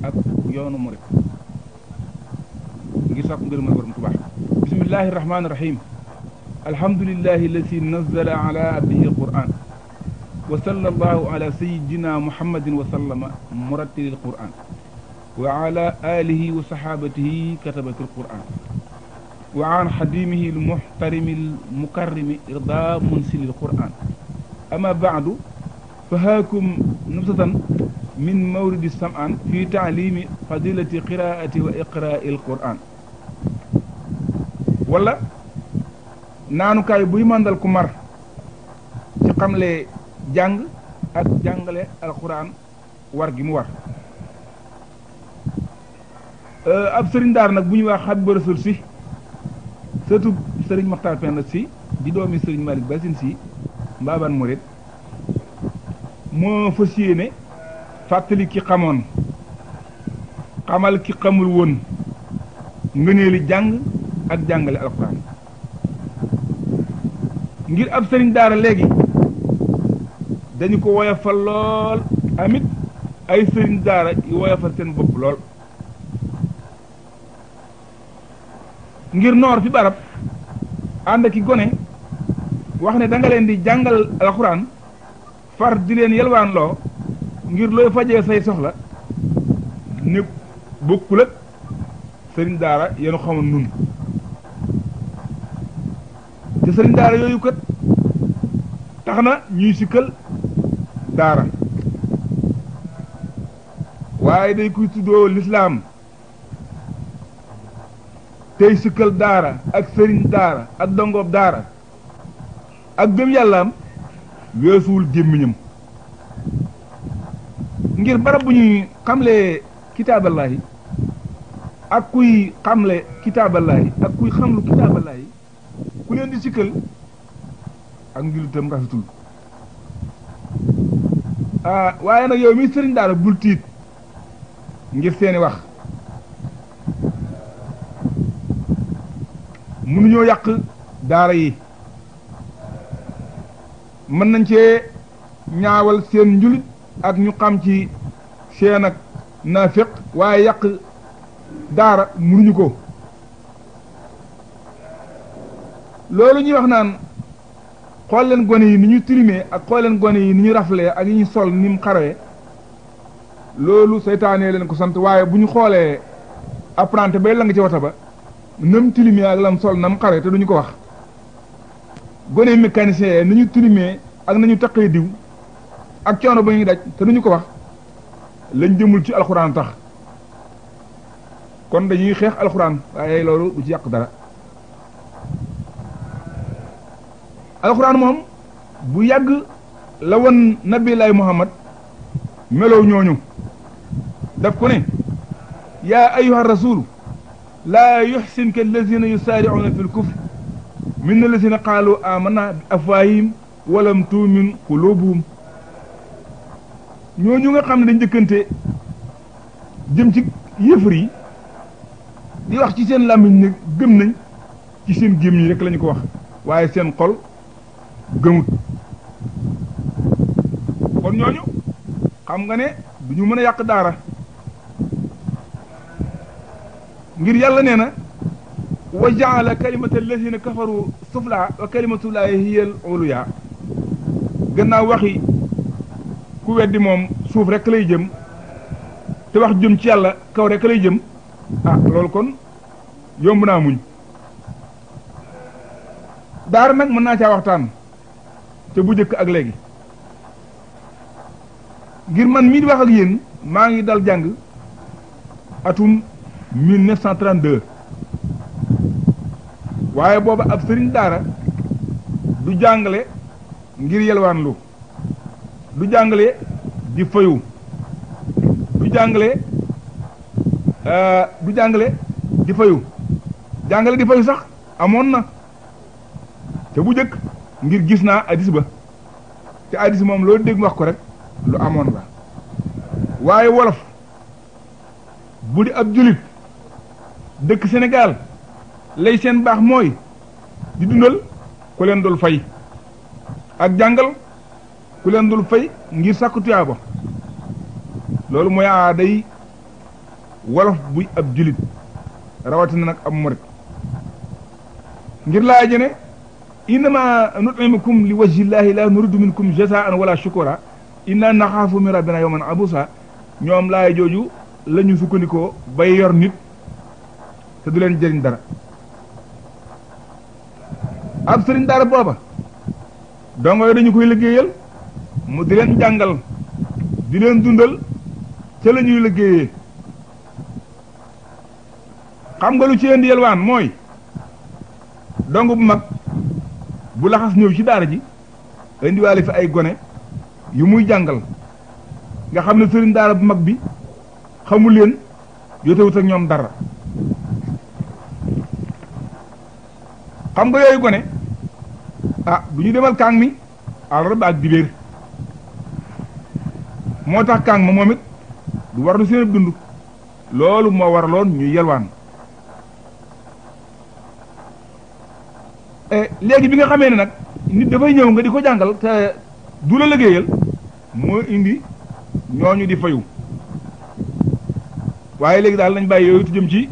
ak yoonu murit ngir sàkku ngërëmal borom Tuubaa bismillahi rahmaani rahim alhamdulillahi alladi nazala ala abdihi alquran wa sallallahu ala sayidina muhammadin wa sallama murattilil quran wa ala alihi wa sahabatihi katabatil quran wa an xadimihi almuxtarimi almukarrimi irda munsilil quran ama baadu fa haakum nubsatan min mawridi sam'an fi taalimi fadilati qiraati wa iqraai alquran wala naanukaay buy màndal ku mar ci xamle jàng ak jàngale alquran war gi mu war euh, ab sëriñ daar nag bu ñuy wax Habib Rasul si surtout sëriñ Maxtaar Penda si di doomi sëriñ Malick Basin si mbaaban murit moo fas yéene fàttali ki xamoon xamal ki xamul woon ngëneeli jàng ak jàngale alxuraan ngir ab sëriñ daara léegi dañu ko woyofal lool amit ay sëriñ daara yu woyofal seen bopp lool ngir noor fi barab ànd ak gone wax ne da leen di jàngal alxuraan far di leen yalwaan loo ngir looy faje say soxla ne bokkul ak sëriñ daara yenu xamoon nun te sëriñ daara yooyu kat tax na ñuy sikkal daara waaye day kuy tuddoo lislaam tey sikkal daara ak sëriñ daara ak dongob daara ak gëm yàllaam weesuwul gémmiñam ngir barab bu ñuy xamlee kitaaballahi ak kuy xamle kitaaballahi ak kuy xamlu kitaaballahi ku leen di sikkal ak njulitam rafetul ah waaye nag yow mi sëriñ daara bul tiit ngir seeni wax mënuñoo yàq daara yi mën nañ cee ñaawal seen njulit ak ñu xam ci seen ak naafiq waaye yàq daara mënuñu ko loolu ñuy wax naan xool leen gone yi ni ñu tilimee ak xool leen gone yi ni ñu raflee ak yi ñu sol ni mu xarawee loolu seytaanee leen ko sant waaye bu ñu xoolee apprenti bay la nga ci wata ba nam tilimee ak lam sol nam xare te duñu ko wax gone mécanicien ni ñu tilimee ak na ñu taqee diw ak coono ba ñuy daj te duñu ko wax lañ jëmul ci alxuraan tax kon dañuy xeex alxuraan waaye loolu du ci yàq dara alxuraan moom bu yàgg la woon nabi muhammad melow ñooñu daf ko ne yaa ayuha rasul laa yuxsinka allazina yusaaricuuna fi lkufr min allazina qaalu aamana bi afwaahihim walam tuumin qulubuhum ñoo ñu nga xam ne dañ njëkkante jëm ci yëfër yi di wax ci seen làmmiñ ne gëm nañ ci seen yi rek lañu ko wax waaye seen xol gëmut kon ñooñu xam nga ne du ñu mën a yàq daara ngir yàlla nee na wa jaala kalimata allazina kafaru sufla wa kalimatullahi hiya al uluya gannaaw waxi ku weddi moom suuf rekk lay jëm te wax jëm ci yàlla kaw rek lay jëm a ah, loolu kon yomb naa muñ daara nag mën naa caa waxtaan te bu jëkk ak léegi ngir man mii di wax ak yéen maa ngi dal jàng atum 1932 waaye booba ab sëriñ daara du jàngale ngir yelwaanlu du jàngale di fayu du jàngale euh, du jàngale di fayu jàngale di fayu sax amoon na te bu jëkk ngir gis naa addis ba te addis moom loo dégg wax ko rek lu amoon la waaye wolof bu di ab julit dëkk Sénégal lay seen baax mooy di dundal ku leen dul fay ak jàngal ku leen dul fay ngir sàkk tuyaaba loolu mooy aaday wolof buy ab julit rawatina nag ab murit ngir laa jene innama nut'imukum li wajhillahi la nuridu minkum an wala shukura inna naxaafu min rabbina yawman abusa ñoom laay jooju la ñu sukkandikoo bay yor nit te du leen jëriñ dara ab sëriñ daara booba dongo yi dañu koy liggéeyal mu di leen jàngal di leen dundal ca la ñuy liggéeyee xam nga lu ci indi yelwaan mooy dong bu mag bu laxas ñëw ci daara ji indiwaale fi ay gone yu muy jàngal nga xam ne sëriñ daara bu mag bi xamul leen jotewut ak ñoom dara xam nga yooyu gone a ah, bu ñu demal kaang mi àllarba ak dibéer moo tax kàng ma moomit du war nu dund loolu moo waraloon ñu yelwaan eh, léegi bi nga xamee ne nag nit dafay ñëw nga di ko jàngal te du la liggéeyal moo indi ñooñu di fayu waaye léegi daal nañ bàyyi yooyu tu jëm ci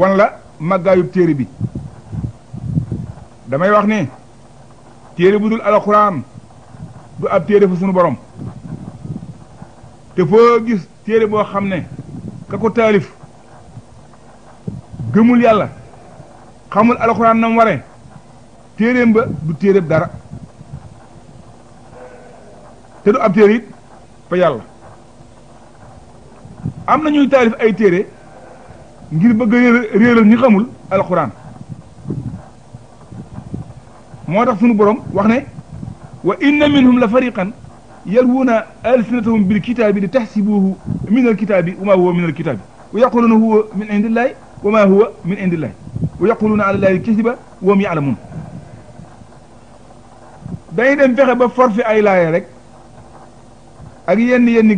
wan la màggaayub téere bi damay wax ne téere bu dul alxuraan du ab téere fa sunu borom te foo gis téere boo xam ne ka ko taalif gëmul yàlla xamul alxuraan nam waree téereem ba du téereeb dara te du ab téere fa yàlla am na ñuy taalif ay téere ngir bëgg a réeral ñi xamul alxuraan moo tax sunu borom wax ne wa inna minhum la fariqan يلوون ألسنتهم بالكتاب لتحسبوه من الكتاب وما هو من الكتاب ويقولون هو من عند الله وما هو من عند الله ويقولون على الله الكذب وهم يعلمون dañuy dem fexe ba forfait ay laaya rek ak yenn yenn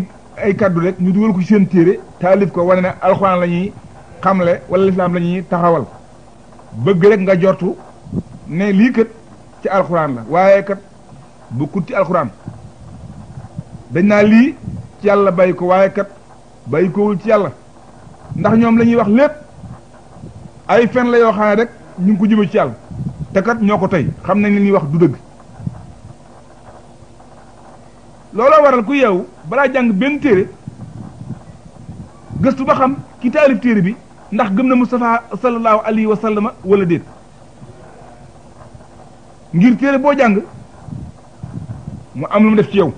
ay kaddu rek ñu dugal ko ci seen téere taalif ko wane ne alxuraan la ñuy xamle wala lislaam la ñuy taxawal bëgg rek nga jortu ne lii kat ci alxuraan la waaye kat bu kut ci alxuraan dañ naa lii ci yàlla bàyyi ko waaye kat bàyyi koowul ci yàlla ndax ñoom lañuy wax lépp ay fen la yoo xam ne rek ñu ko jëme ci yàlla te kat ñoo ko tey xam nañ li ñuy wax du dëgg looloo waral ku yeewu balaa jàng benn téere gëstu ba xam ki taalif téere bi ndax gëm na Moustapha sallallahu alayhi wa sallama walla déet ngir téere boo jàng mu am lu mu def ci yow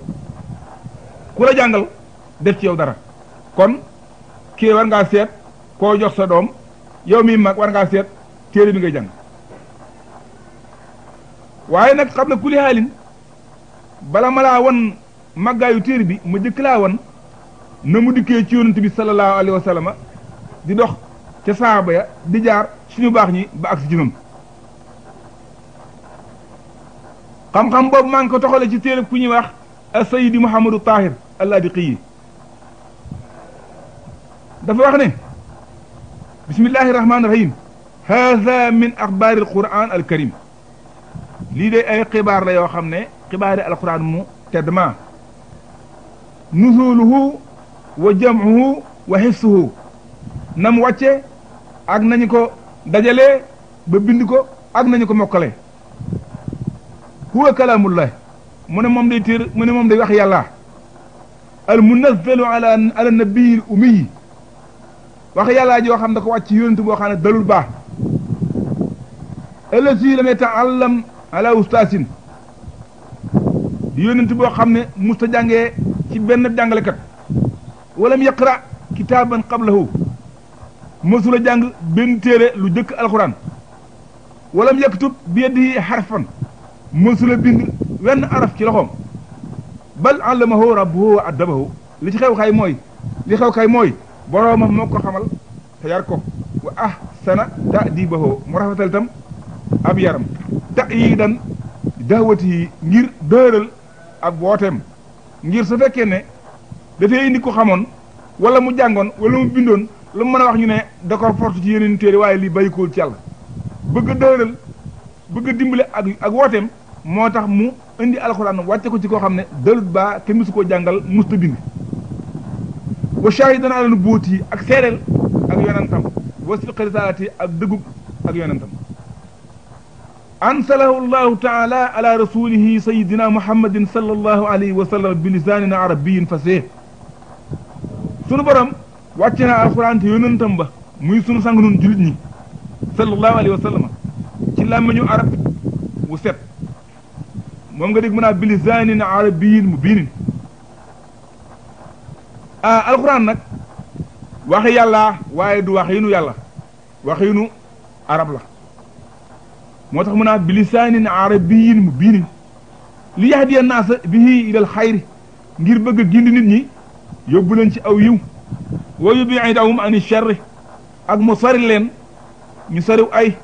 ku la jàngal def ci yow dara kon kii war ngaa seet koo jox sa doom yow mi mag war ngaa seet téere bi ngay jàng waaye nag xam na kuli xaalin bala ma laa wan màggaayu téere bi mu jëkk laa wan na mu dikkee ci yonent bi sallallahu alayhi wa di dox ca saaba ya di jaar suñu baax ñi ba agsi ci ñoom xam-xam boobu maa ngi ko toxalee ci téere ku ñuy wax asayidi muhammadu tahir allaadiqi yi dafa wax ne bismillahi rahmaani rahim haada min axbaari alquran alkarim lii de ay xibaar la yoo xam ne xibaari alquran mu tedd ma nuzuluhu wa jamcuhu wa xissuhu nam wàcce ak nañu ko dajale ba bind ko ak nañu ko mokkale huwa kalaamullahi mu ne moom day téer mu ne moom day wax yàlla al munazzalu ala ala nabiyil ummi wax yàllaa joo xam da ko wàcc yonent boo xam ne dalul baax allazi lam yata'allam ala ustaasin di yonent boo xam ne musta jàngee ci benn jàngalekat walam yaqra kitaaban qablahu mësula jàng benn téere lu jëkk alxuraan walam yaktub bi yadihi harfan mësula bind wenn araf ci loxoom bal allamahu rabbuhu wa addabahu li ci xew kay mooy li xew kay mooy boroomam moo ko xamal te yar ko wa ahsana ta'dibahu mu rafetal tam ab yaram ta'yidan daawati yi ngir dëral ak wooteem ngir su fekkee ne dafay indi ko xamoon wala mu jàngoon wala mu bindoon lu mën a wax ñu ne da ko fortu ci yeneen téere waaye li bàyyikool ci yàlla bëgg a bëgg a ak ak wooteem moo tax mu indi alxuraan wàcce ko ci koo xam ne dalut ba kenn mësu koo jàngal musta bind wa shahidan ala nubuwwati ak seereel ak yonentam wa sidqi risalati ak dëggub ak yonentam ansalahu llahu taala ala rasulihi sayidina muhammadin sallallahu alayhi wa sallam bi lisanin arabiyin fasih sunu borom wàcce alxuraan te yonentam ba muy sunu sang nun julit ñi sallallahu alayhi wa sallam ci làmmiñu arab wu set moom nga dégg mën naa bili na arabiyin mu biinin a ah, alxuraan nag waxi yàlla waaye du waxiinu yàlla waxiinu arab la moo tax mën naa bili zanin arabiyin mu biinin li yahdiya naasa bihi ilal xayri ngir bëgg a gindi nit ñi yóbbu leen ci aw yiw wa yubidahum ani sharri ak mu sori leen ñu soriw ay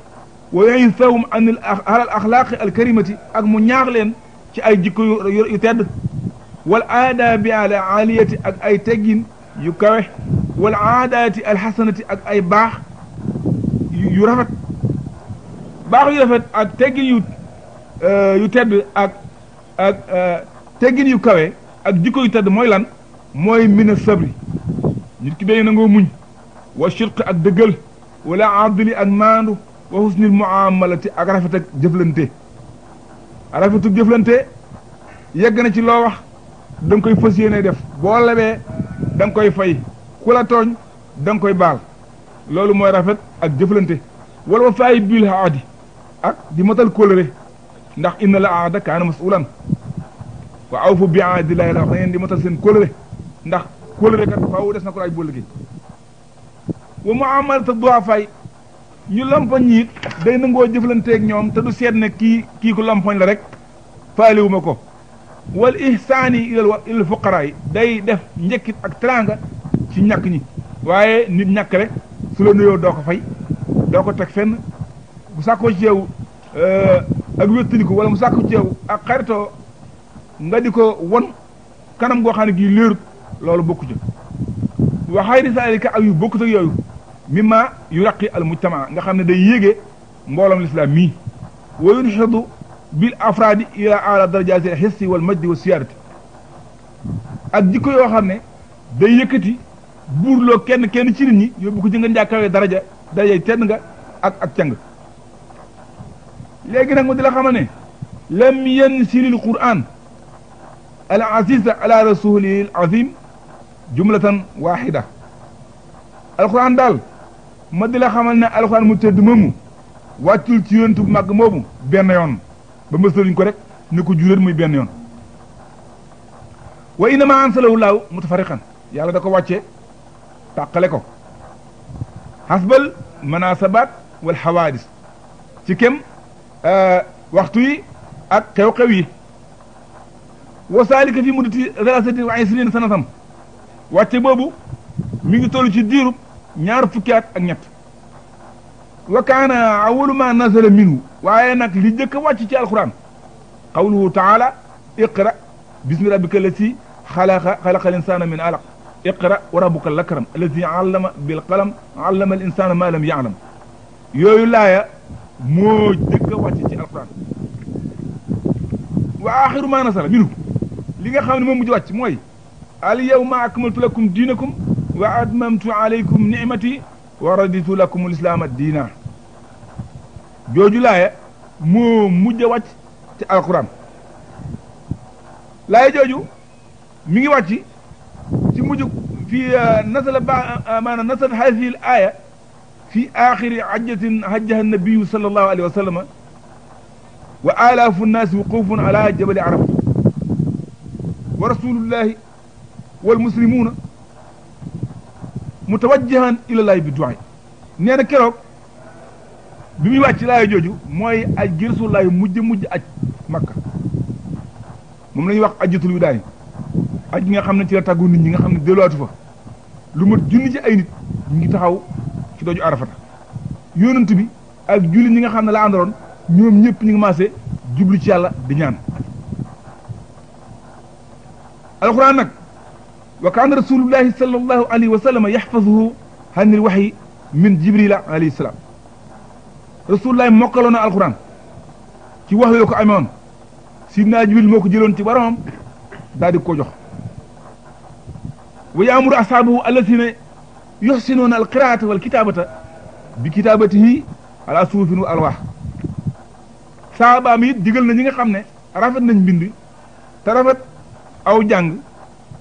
wa yansaahum an al axlaaqi al ak mu ñaax leen ci ay jikko yu tedd wal aadaabi al aaliyati ak ay teggin yu kawe wal aadaati ak ay baax yu rafet baax yu rafet ak teggin yu euh, yu tedd ak ak euh, teggin yu kawe ak jikko yu tedd mooy lan mooy mina sabri nit ki day nangoo muñ wa shirq ak dëggal wala adli ak maandu wa husnil muamalati ak rafet ak jëflante rafetu jëflante yegg na ci loo wax da nga koy fas yéene def boo lebee da koy fay ku la tooñ da koy baal loolu mooy rafet ak jëflante wala wafaay bil aadi ak di motal kóllëre ndax inna la aada kaana masulan wa awfu bi aadillahi la wax na ngeen di matal seen kóllëre ndax kóllëre kat faaw des na ko laaj boole gi wa muamalatu duafaay yu lompoñ yi day nangoo jëflanteeg ñoom te du seet ne kii kii ku lompoñ la rek faaliwu ma ko wal ihsaani ilal fuqaraa yi day def njëkkit ak teraanga ci ñàkk ñi waaye nit ñàkk rek su la nuyoo doo ko fay doo ko teg fenn bu sàkkoo ci yow euh, ak ko wala mu sàkku ci ak xaritoo nga di ko won kanam goo xam ne gii léerut loolu bokku ci waxaay di saalika ak yu bokkut ak yooyu mimma yuraqi al mujtama nga xam ne day yéege mbooloom lislaam mii wa yunxidu bil afraadi ila ala darajati al hissi wal wa siyaarati ak jikko yoo xam ne day yëkkati buurloo kenn kenn ci nit ñi yóbbu ko ci nga njàkkawee daraja darajay tenn nga ak ak càng léegi nag mu di la xamal ne lam yansilil quran al aziz ala rasulil azim jumlatan wahida alquran daal ma di la xamal ne alxuraan mu tëdd moomu wàccul ci yonent bu màgg moomu benn yoon ba mësaluñ ko rek ne ko juréet muy benn yoon wa inama ansalahu laaw mutafariqan yàlla da ko wàcce tàqale ko xasbal manasabaat wal xawaadis ci kem euh, waxtu yi ak xew-xew yi wa saalika fi mu salasatin wa isrina sanatam wàcce boobu mi ngi toll ci diirub ñaar fukki at ak ñett wa kaana awalu ma nazala minhu waaye nag li njëkk a wàcc ci alquran qawluhu taala iqra bismi rabbika allati xalaqa xalaqa al insana min alaq iqra wa rabbuka al akram allati allama bil qalam allama al insana ma lam yaalam yooyu laaya moo njëkk a wàcc ci alquran wa axiru ma nazala minhu li nga xam ne moom mujj wàcc mooy al yawma akmaltu lakum diinakum wa atmamtu alaykum ni'mati wa raditu lakum lislaama diina jooju laaye moo mujj a wàcc ci alquran laaye jooju mi ngi wàcc ci mujj fi uh, nasala ba uh, maanaam nasal hadihi l aaya fi axiri hajjatin hajjaha nabiyu sallallahu alayhi wa sallama wa alaafu nnaasi wuqufun ala jabali arab wa rasulullahi wal muslimuuna mu mutawajjihan ilallaahi bi du'a nee na keroog bi muy wàcc laaya jooju mooy aj gi rasulullaahi mujj mujj aj makka moom la ñuy wax ajjatul widaay aj gi nga xam ne ci la tàggu nit ñi nga xam ne delluwaatu fa lu mat junni ci ay nit ñu ngi taxaw ci dooju arafata yonent bi ak julli ñi nga xam ne la àndaloon ñoom ñëpp ñu ngi maase jublu ci yàlla di ñaan alxuraan wa kaana rasulullahi sallallahu alayhi wa sallam yaxfazuhu hanil waxyi min jibrila alayhi salaam rasulullahi mokkaloon na ci wax yoo ko amoon sidna jibril moo ko jëloon ci boromam daal di ko jox wa yaamuru asaabahu allatina yuxsinuuna alqiraata wal kitaabata bi kitaabatihi ala suufin wa alwaax saabaam it digal na ñi nga xam ne rafet nañ mbind te rafet aw jàng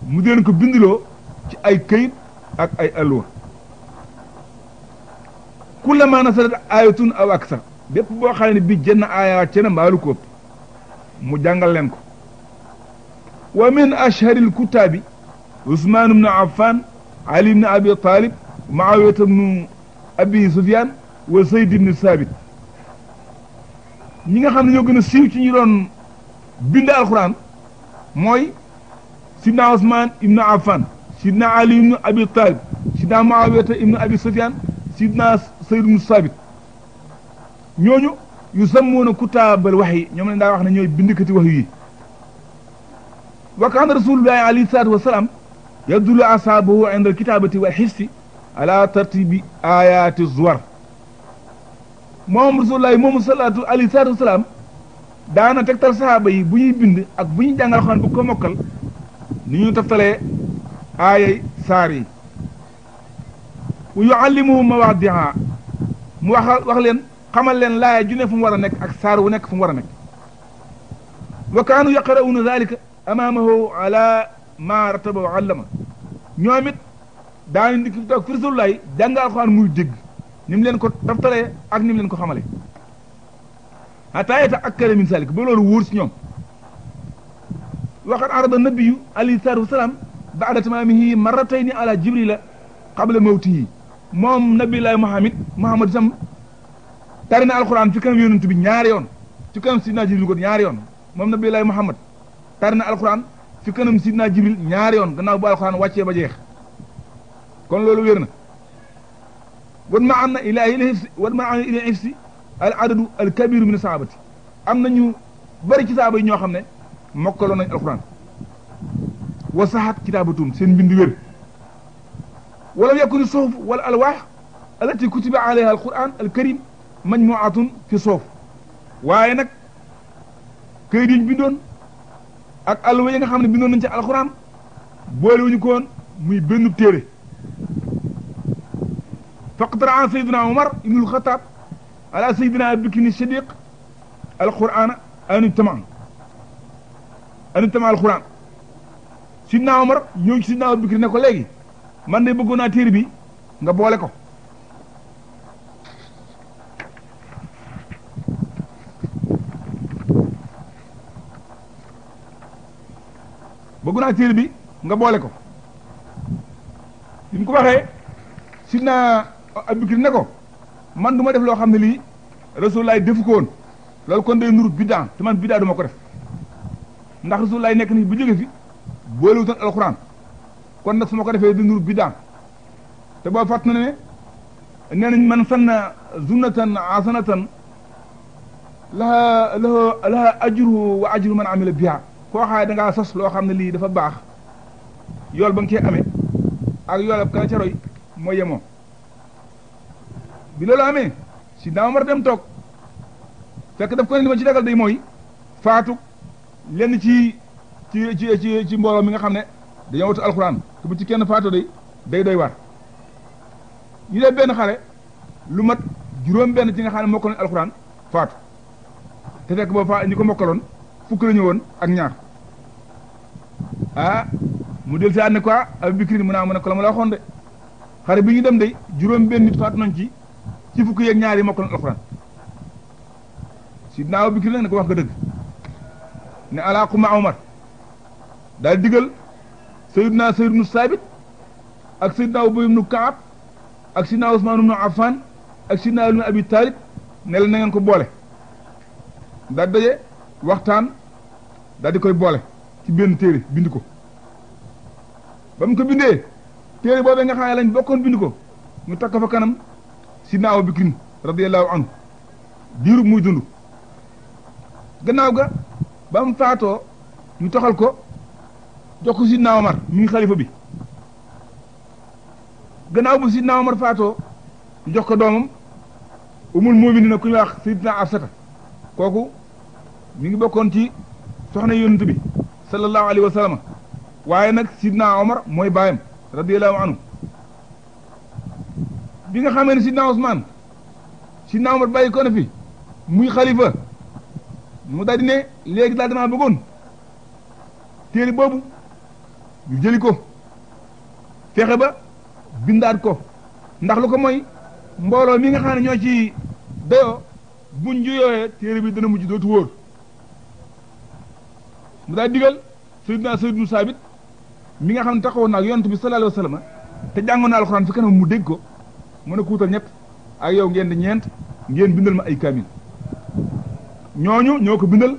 mu deen ko bindiloo ci ay këyit ak ay alluwa kullama nasalat aayatun aw aksar bépp boo xam ne bi jenn aaya wàcce na mbaalu ko ëpp mu jàngal leen ko wa min asharil kutaabi usmaan ibnu affan ali ibnu abi talib maawiyata ibnu abi sufyaan wa sayd ibnu saabit ñi nga xam ne ñoo gën a siiw ci ñu doon bind alxuraan mooy sidna Ousmane ibnu Affan sidna Ali ibnu Abi Talib sidna Muawiyata ibnu Abi Sufyan sidna Sayd ibnu Sabit ñooñu yu sammuuna kutaabal waxyi ñoom wax ne ñooy bindikati wax yi wa kaana rasulullahi alayhi salaatu wa salaam yadullu asaabahu inda alkitaabati wal hissi ala tartibi zuwar moom rasulullahi moomu salaatu wa salaam daana tegtal sahaaba yi bu ñuy bind ak bu ñuy jàngal xaan bu ko mokkal ni ñu taftalee aayay saar ma wa yuallimuhum mawaadiha mu wax wax leen xamal leen laaya junne fu mu war a nekk ak saar wu nekk fu war a nekk wa kaanu yaqra'uuna dalika amaamahu ala ma rataba wa allama ñoom it daani dikk toog firsulaay jàng alxuraan muy dégg ni leen ko taftalee ak ni leen ko xamale hatta yata akkale min salik ba loolu wóor si ñoom waqad arada nabiyu alayhi salaatu wasalaam baada tamaamihi marratayni ala jibrila qabla mawtihi moom nabilaay Muhammad Muhammad tari na alquran ci kanam yonent bi ñaari yoon ci kanam sidna jibril ko ñaari yoon moom nabilaay Muhammad tari na alquran ci kanam sidna jibril ñaari yoon gannaaw bu alquran wàccee ba jeex kon loolu wér na wan ma am na ilaa ila wan ma am na ila al adadu al kabiru min sahabati am nañu bari ci saaba yi ñoo xam ne mokkaloon nañ alxuraan wa saxaat kitaabatum seen mbind wér wala yakuni suhuf wala alwaax allati kutiba alayha alquran alkarim majmuatun fi soof waaye nag këyit yi ñu bindoon ak alluwa yi nga xam ne bindoon nañ ci alxuraan boolewuñu ko woon muy benn téere faqtara an sayidina omar ibnul xataab ala sayidina abubakrin sidiq alqurana anu tamaan anu tama alxuraan sidna Omar ñëw ci sidna Abubakar ne ko léegi man de bëggoonaa téere bi nga boole ko bëgg naa téere bi nga boole ko bi mu ko waxee sidna Abubakar ne ko man du ma def loo xam ne lii Rasulullah defu ko woon loolu kon day nuru biddaa te man biddaa du ma ko def ndax rasulullaay nekk ni bu jóge fi boolewutoon alxuraan kon nag su ma ko defee di nur biddaa te boo fàtt na ne nañ man sanna sunnatan hasanatan laha laha laha ajur wa ajru man amila biha koo xaay da ngaa sos loo xam ne lii dafa baax yool ba nga cee amee ak yoolab ka ca roy mooy yemoo bi loolu amee si daama mar dem toog fekk daf ko ne li ma ci dagal day mooy faatu lenn ci ci ci mbooloo mi nga xam ne dañoo watu alxuraan te bu ci kenn faatu day day doy war ñu def benn xale lu mat juróom benn ci nga xam ne mokkal nañu alxuraan faatu te fekk boobu fa ñi ko mokkaloon fukk woon ak ñaar ah mu del si ànd quoi Abu Bikri mu naa ah, mu ne ko la ma la xare bi ñu dem de juróom benn nit faatu nañ ci ci fukk yeeg ñaar yi mokkal nañu alxuraan si dinaa Abu Bikri nag ko wax nga dëgg ne alaa quma omar daal digal sayyidna Zayd ibnu Saabit ak sayyidna Ubay ibnu Kaab ak sayyidna Usmaan ibnu Affaan Abi Taalib ne la na ko boole daal daje waxtaan daal di koy boole ci benn téere bind ko ba mu ko bindee téere boobee nga xam ne lañ bokkoon bind ko ñu takk fa kanam sayyidna Abu Bakrin radiyallahu anhu diiru muy dund gannaaw ga ba mu faatoo ñu toxal ko jox ko Sidna Omar mi xalifa bi gannaaw bu Sidna Omar faatoo ñu jox ko doomam umul mu'miniina ku ñuy wax Sidna Afsata kooku mi ngi bokkoon ci soxna yonent bi sallallahu alayhi wa waaye nag Sidna Omar mooy baayam radiyallahu anhu bi nga xamee ne Sidna Ousmane Sidna Omar bàyyi ko na fi muy xalifa mu daal ne léegi daal damaa bëggoon téere boobu ñu jëli ko fexe ba bindaat ko ndax lu ko mooy mbooloo mi nga xam ne ñoo ci dayoo buñ juyooyee téere bi dana mujj dootu wóor mu daal digal Seydina Seydina Saabit mi nga xam ne taxawoon na ak yonent bi sallallahu alayhi wa sallam te jàngoon na alxuraan fi kanam mu dégg ko mën a kuutal ñett ak yow ngeen di ñeent ngeen bindal ma ay kaamil ñooñu ñoo ko bindal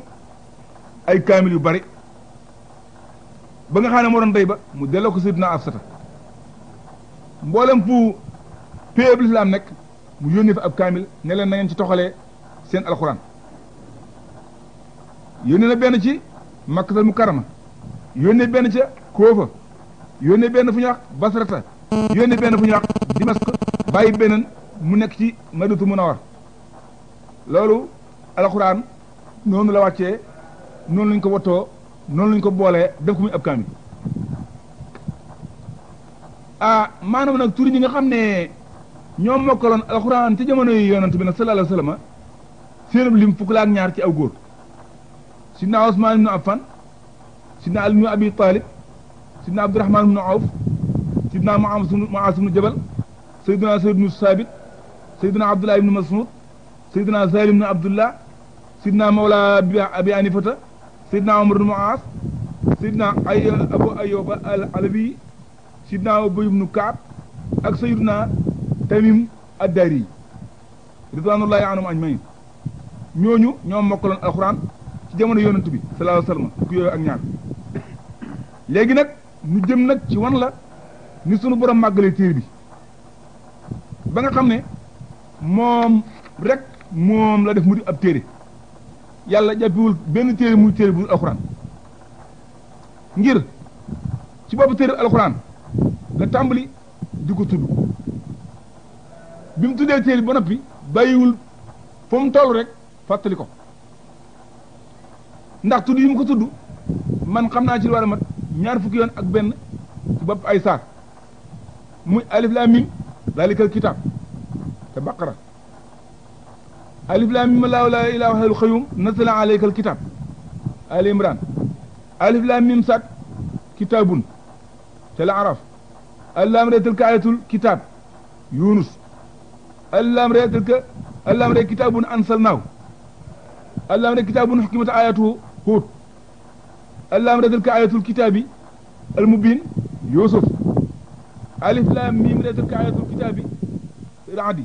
ay kaamil yu bari ba nga xam ne moo day ba mu delloo ko ab sata mboolem fu péeb lislaam nekk mu yónnee fi ab kaamil ne na ngeen ci toxalee seen alxuraan yónnee na benn ci Makkatal Mukarrama yónnee benn ca Koofa yónnee benn fu ñuy wax Basrata yónnee benn fu ñuy wax Dimask bàyyi beneen mu nekk ci mën a war loolu alxuraan noonu la wàcce noonu lañ ko wattoo noonu lañ ko boolee def ko muy ab kaamil ah nag tur ñi nga xam ne ñoom mokkaloon alxuraan ci jamono yi yonent bi nag sallallahu alayhi wa sallam lim fukk ñaar ci aw góor sidna na ibnu Affan sidna Ali ibnu Abi Talib sidna Abdurahmaan ibnu Awf sidna Muaaz ibnu Jabal sayduna Zayd ibnu Saabit sayduna Abdullah ibnu Mas'ud sayduna Salim ibnu Abdullah sidna Mawla Abi Anifata sidna Umar ibnu Aas sidna ay Abu Ayyub al Alabi sidna Ubay ibnu Kaab ak sayyiduna Tamim ad-Dari ridwanullahi anhum ajmain ñooñu ñoo mokkaloon alxuraan ci jamono yonent bi sallallahu alayhi wa sallam ku yooyu ak ñaar léegi nag ñu jëm nag ci wan la ni sunu borom màggalee téere bi ba nga xam ne moom rek moom la def mu di ab téere yàlla jàppiwul benn téere muy téere bu dul alxuraan ngir ci bopp téere alxuraan la tàmbali di ko tudd bi mu tuddee téere ba noppi bàyyiwul fa mu toll rek fàttali ko ndax tudd yi mu ko tudd man xam naa ci lu war a mat ñaar fukki yoon ak benn ci bopp ay saar muy alif laam miim daalikal kitaab te baqara alif laam miim laahu laa ilaaha illal qayyuum nazzala alayka alkitaab Ali Imran alif laam miim saak kitaabun ca la araf allaam ree tilka ayatul kitaab Yunus allaam ree tilka allaam ree kitaabun ansalnaahu allaam ree kitaabun hukkimat ayatuhu Huud allaam ree tilka ayatul kitaabi almubiin Yuusuf alif laam miim ree tilka ayatul kitaabi Ra'di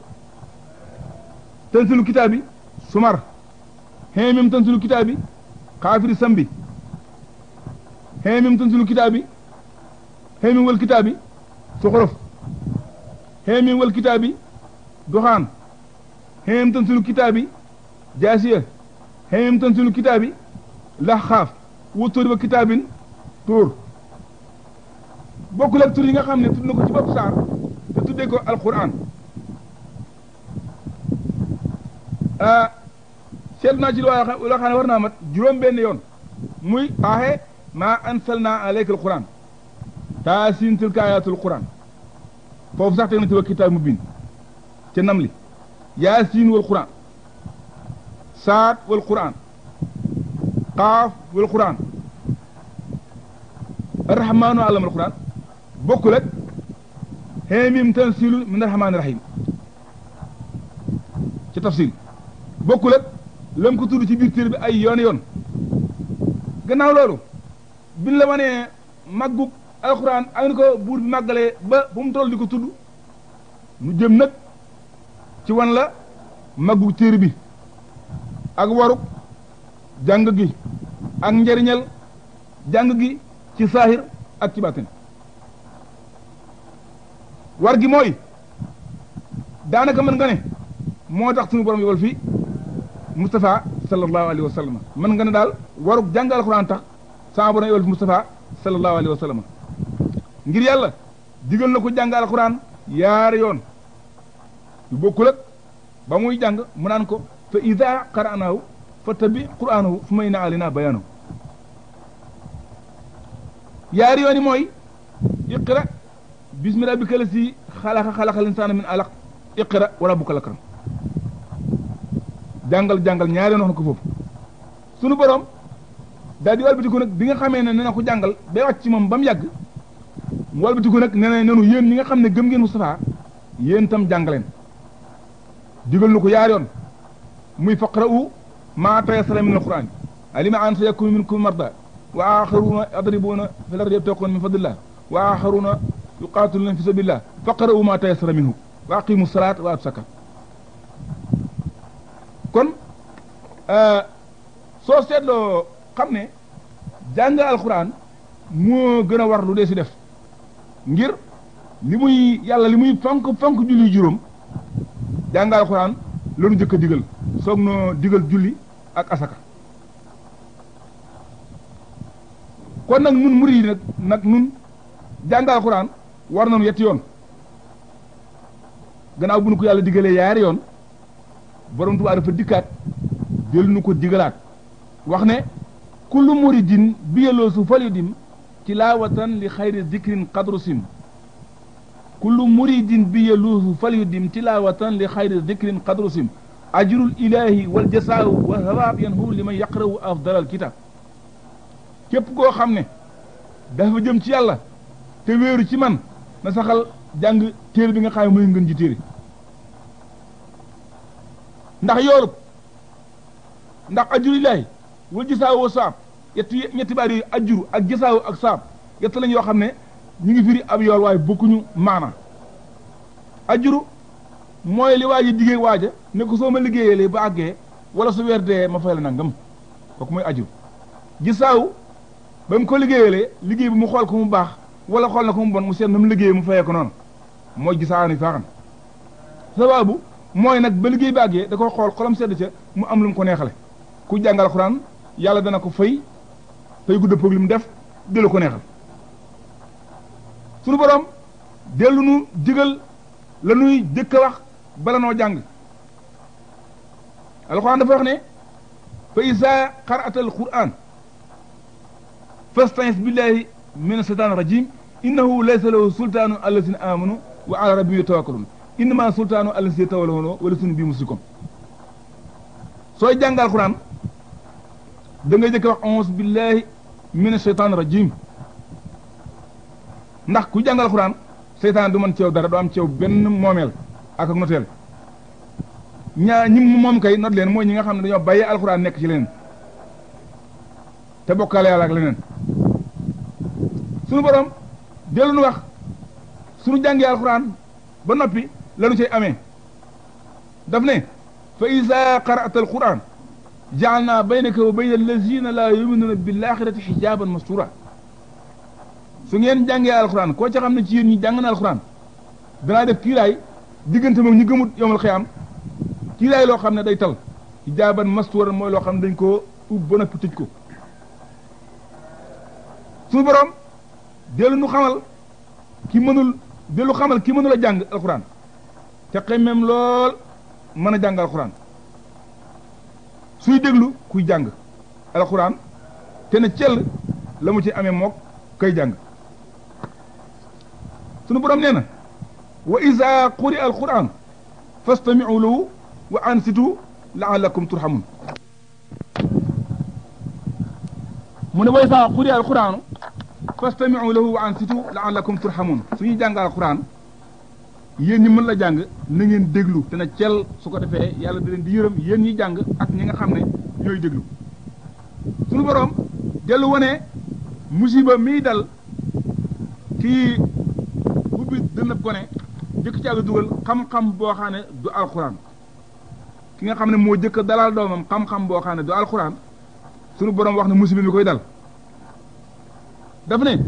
tanzilu kitaabi sumar hee mim tanzilu kitaabi xaafiri sambi hee mim tanzilu kitaabi hee mim wal kitaabi suxuruf hee mim kitaabi duxaan hee mim kitaabi jaasiya hee mim tanzilu kitaabi laxxaaf wutur ba kitaabin tuur bokkul ak tur yi nga xam ne tudd na ko ci bopp saar te tuddee ko alquran Ah, seet naa ci loo xam ne war naa mat juróom benn yoon muy aaxe maa ansalna aleyka alquran taa siin tilka ayatul quran foofu sax teg na ci wa kitaab mubin ca nam li yaa siin wal quran saad wal quran qaaf wal quran arrahmaanu allama al quran bokkul ak xeemim tansilu min arrahmaani rahim ci tafsir bokkul ak lam ko tudd ci biir téere bi ay yoon yoon gannaaw loolu biñ la wanee màggug alxuraan ak ko buur bi màggalee ba fu mu toll di ko tudd nu jëm nag ci wan la màggug téere bi ak waruk jàng gi ak njariñal jàng gi ci saahir ak ci baatin war gi mooy daanaka mën nga ne moo tax suñu borom yobal fi Moustapha sallallahu alayhi wa mën nga ne daal warug jàng alxuraan tax sama borom yóbbu Moustapha sallallahu alayhi wa sallam ngir yàlla digal na ko jàng alxuraan yaari yoon yu bokkul ak ba muy jàng mu naan ko fa ida qara'naahu fa tabi qur'aanahu fu may na alina bayaanahu yoon yi mooy iqra bismi rabbika lasi xalaqa xalaqal insaana min alaq iqra wa rabbuka lakram jàngal jàngal ñaari yoon wax na ko foofu sunu borom daal di ko nag bi nga xamee ne nee ko jàngal bay wàcc ci moom ba mu yàgg mu walbatiku nag nee na nenu yéen ñi nga xam ne gëm ngeen Moustapha yéen tam jàngaleen digal ko yaari yoon muy faqra'u maa tayassara min alquran alima an sa yakunu minkum marda wa axaruna yadribuna fi lardi yabtaquuna min fadlillah wa axaruna yuqatiluna fi sabilillah faqra'u maa tayassara minhu wa aqimu salaat wa atu kon euh, soo seetloo xam ne jàng alxuraan moo gën a war lu dee si def ngir li muy yàlla li muy fonk fonk julli juróom jàng alxuraan lanu njëkk a digal soog noo digal julli ak asaka kon nag nun mu yi nag nag nun jàng alxuraan war nañu yetti yoon gannaaw bu nu ko yàlla digalee yaari yoon borom ti wa dafa dikkaat jël nu ko digalaat wax ne kullu muridin bi yelloosu falyudim tilaawatan li xayri dikrin qadru sim kullu muridin bi yelloosu falyudim tilaawatan li xayri dikrin qadru sim ajrul ilaahi wal jasaawu wa li may liman yaqrawu afdalal kitaab képp koo xam ne dafa jëm ci yàlla te wéeru ci man na saxal jàng téere bi nga xam ne mooy ngën ji téere ndax yoolub ndax ajurillaahi wal jisaawo saab yetti ñetti baat yooyu ajuru ak jisaawo ak saab yett lañ yoo xam ne ñu ngi firi ab yool waaye bokkuñu maana ajuru mooy li waa ji diggee waaja ne soo ma liggéeyalee ba àggee wala su weer dee ma fay la nangam kooku mooy ajuru jisaaw ba mu ko liggéeyalee liggéey bi mu xool ko mu baax wala xool na ko mu bon mu seet na mu liggéeyee mu fayee ko noonu mooy gisaaw ni faaxan sababu mooy nag ba liggéey bi da ko xool xolam sedd ca mu am lu mu ko neexale ku jàngal xuraan yàlla dana ko fay fay gu dëppoog li mu def di ko neexal sunu borom dellu nu jigal la nuy jëkk wax bala noo jàng alxuraan dafa wax ne fa isa xaraatal quraan fasta'is billahi min asheytaan rajim innahu laysa lahu sultaanu allazina amanu wa ala rabbihim yatawakkalun innama sultaanu allasi tawalawno wala sunu sooy jàngal alquran da jëkk wax onze billahi min sheytaan rajim ndax ku jàngal alquran seytaan du mën ceew dara du am ceew benn moomeel ak ak noteel ñaa ñi moom kay not leen mooy ñi nga xam ne dañoo bàyyee alquran nekk ci leneen te bokkaale yàlla ak leneen sunu borom dellu nu wax sunu jàngee alquran ba noppi lanu cay amee daf ne fa ida qara'ta alquran ja'alna baynaka wa bayna allazina laa yuminuna bil axirati xijaaban mastura su ngeen jàngee alquran koo ca xam ne ci yéen ñi jàng na alquran danaa def kiiraay diggante moom ñu gëmut yowmal xiyaam kiiraay loo xam ne day tal xijaaban mastura mooy loo xam ne dañ koo ub ba noppi tëj ko suñu borom dellu nu xamal ki mënul dellu xamal ki mënul a jàng alquran te xemmeem lool mën a jàng alxuraan suy déglu kuy jàng alxuraan te ne cell la mu ci amee mook kay jàng sunu borom nee na wa iza quri alquran fastami'u lahu wa ansitu la'allakum turhamun mu ne wa iza quri alquran fastami'u lahu wa ansitu la'allakum turhamun suñuy jàng alquran yéen ñi mën la jàng na déglu te na cel su ko defee yàlla da leen di yërëm yéen ñi jàng ak ñi nga xam ne ñooy déglu suñu boroom dellu wone musiba miy dal kii ubbi dënnab gone jëkk ci àgg dugal xam-xam boo xam du alxuraan ki nga xam ne moo jëkk dalal doomam xam-xam boo xam ne du alxuraan suñu boroom wax na musiba mi koy dal daf ne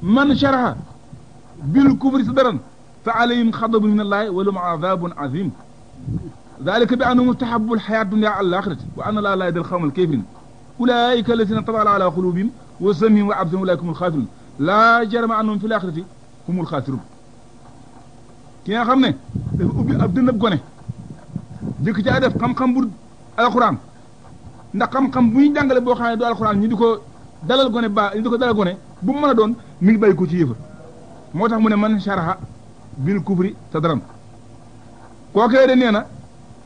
man sharaha bil kufri sadran fa alayhim xadabun min allahi wa lahum adabun azim dalika bi annahum istahabu alxayaat dunia ala alaxirati wa anna laa laa yahdi alqawma alkafirin ulaika alladina tabala ala qulubihim wa samihim wa absarihim ulaika humul xaasirun laa jarama annahum fi alaxirati humul xaasirun ki nga xam ne dafa ubbi ab dënnab gone jëkk caa def xam-xam bu alquran ndax xam-xam bu ñu jàngale boo xam ne du alquran ñu di ko dalal gone ba ñu di ko dalal gone bu mu mën a doon mi ngi bàyyi ko ci yëfa moo tax mu ne man sharaha bil kubri te daram kookee de nee na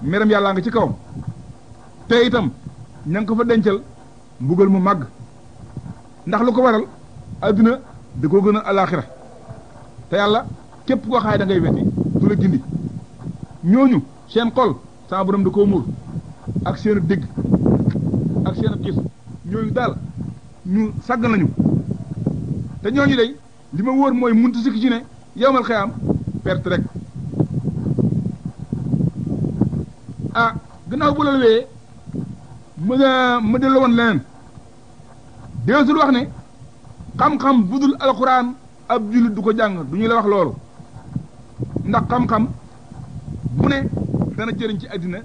meram yàllaa ngi ci kawam te itam ña ko fa dencal mbugal mu màgg ndax lu ko waral adduna da koo gën a alaaxira te yàlla képp koo xaay da ngay weti du la gindi ñooñu seen xol sama borom da koo muur ak seen dégg ak seen gis ñooñu daal ñu sagg nañu te ñooñu day li ma wóor mooy muntu sikki ci ne yowmal xiyaam perte rek ah gannaaw bu loolu wee mu de mu de la woon leneen deesul wax ne xam-xam budul alxuraan ab jullit du ko jàng du ñu la wax loolu ndax xam-xam bu ne dana jëriñ ci àddina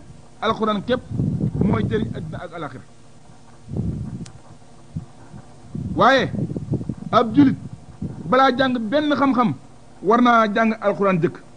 alxuraan képp mooy jëriñ àddina ak alaxira waaye ab jullit balaa jàng benn xam-xam war naa jàng alxuraan jëkk